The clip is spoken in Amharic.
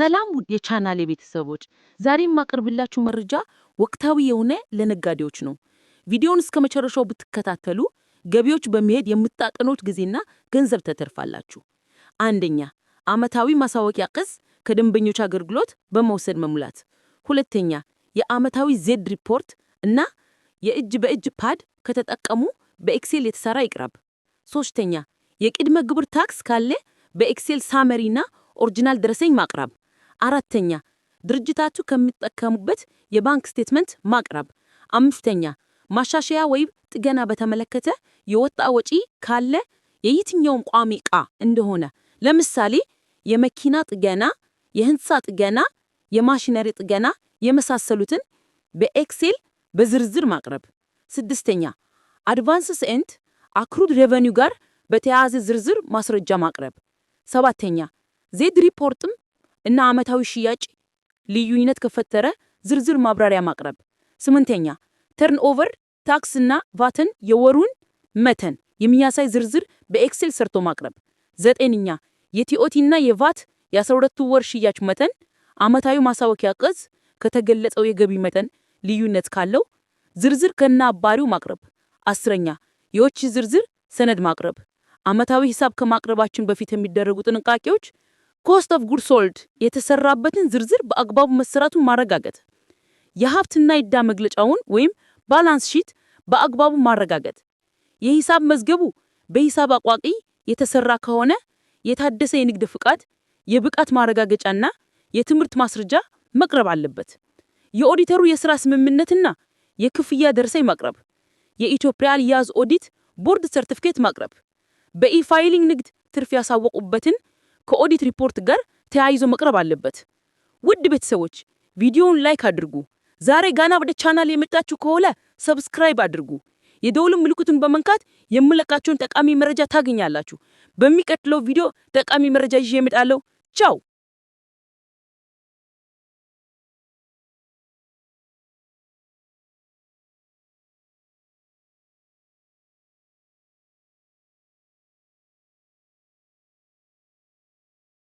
ሰላም ውድ የቻናሌ ቤተሰቦች፣ ዛሬ የማቀርብላችሁ መረጃ ወቅታዊ የሆነ ለነጋዴዎች ነው። ቪዲዮውን እስከ መጨረሻው ብትከታተሉ ገቢዎች በመሄድ የምታጠኑት ጊዜና ገንዘብ ተተርፋላችሁ። አንደኛ ዓመታዊ ማሳወቂያ ቅጽ ከደንበኞች አገልግሎት በመውሰድ መሙላት። ሁለተኛ የዓመታዊ ዜድ ሪፖርት እና የእጅ በእጅ ፓድ ከተጠቀሙ በኤክሴል የተሰራ ይቅረብ። ሶስተኛ የቅድመ ግብር ታክስ ካለ በኤክሴል ሳመሪና ኦሪጂናል ደረሰኝ ማቅረብ። አራተኛ ድርጅታችሁ ከሚጠቀሙበት የባንክ ስቴትመንት ማቅረብ። አምስተኛ ማሻሻያ ወይም ጥገና በተመለከተ የወጣ ወጪ ካለ የየትኛውም ቋሚ ዕቃ እንደሆነ ለምሳሌ የመኪና ጥገና፣ የህንፃ ጥገና፣ የማሽነሪ ጥገና የመሳሰሉትን በኤክሴል በዝርዝር ማቅረብ። ስድስተኛ አድቫንስስ ኤንድ አክሩድ ሬቨኒው ጋር በተያያዘ ዝርዝር ማስረጃ ማቅረብ። ሰባተኛ ዜድ ሪፖርትም እና ዓመታዊ ሽያጭ ልዩነት ከፈጠረ ዝርዝር ማብራሪያ ማቅረብ። ስምንተኛ ተርንኦቨር ታክስ እና ቫትን የወሩን መተን የሚያሳይ ዝርዝር በኤክሴል ሰርቶ ማቅረብ። ዘጠነኛ የቲኦቲና የቫት የ12ቱ ወር ሽያጭ መጠን ዓመታዊ ማሳወቂያ ቀዝ ከተገለጸው የገቢ መጠን ልዩነት ካለው ዝርዝር ከነ አባሪው ማቅረብ። አስረኛ የወጪ ዝርዝር ሰነድ ማቅረብ። ዓመታዊ ሂሳብ ከማቅረባችን በፊት የሚደረጉ ጥንቃቄዎች ኮስት ኦፍ ጉድ ሶልድ የተሰራበትን ዝርዝር በአግባቡ መሰራቱን ማረጋገጥ፣ የሀብትና ዕዳ መግለጫውን ወይም ባላንስ ሺት በአግባቡ ማረጋገጥ፣ የሂሳብ መዝገቡ በሂሳብ አቋቂ የተሰራ ከሆነ የታደሰ የንግድ ፍቃድ፣ የብቃት ማረጋገጫና የትምህርት ማስረጃ መቅረብ አለበት። የኦዲተሩ የስራ ስምምነትና የክፍያ ደረሰኝ ማቅረብ፣ የኢትዮጵያ ልያዝ ኦዲት ቦርድ ሰርቲፊኬት ማቅረብ፣ በኢፋይሊንግ ንግድ ትርፍ ያሳወቁበትን ከኦዲት ሪፖርት ጋር ተያይዞ መቅረብ አለበት። ውድ ቤተሰቦች ቪዲዮውን ላይክ አድርጉ። ዛሬ ጋና ወደ ቻናል የመጣችሁ ከሆነ ሰብስክራይብ አድርጉ። የደውልም ምልክቱን በመንካት የምለቃቸውን ጠቃሚ መረጃ ታገኛላችሁ። በሚቀጥለው ቪዲዮ ጠቃሚ መረጃ ይዤ እመጣለሁ። ቻው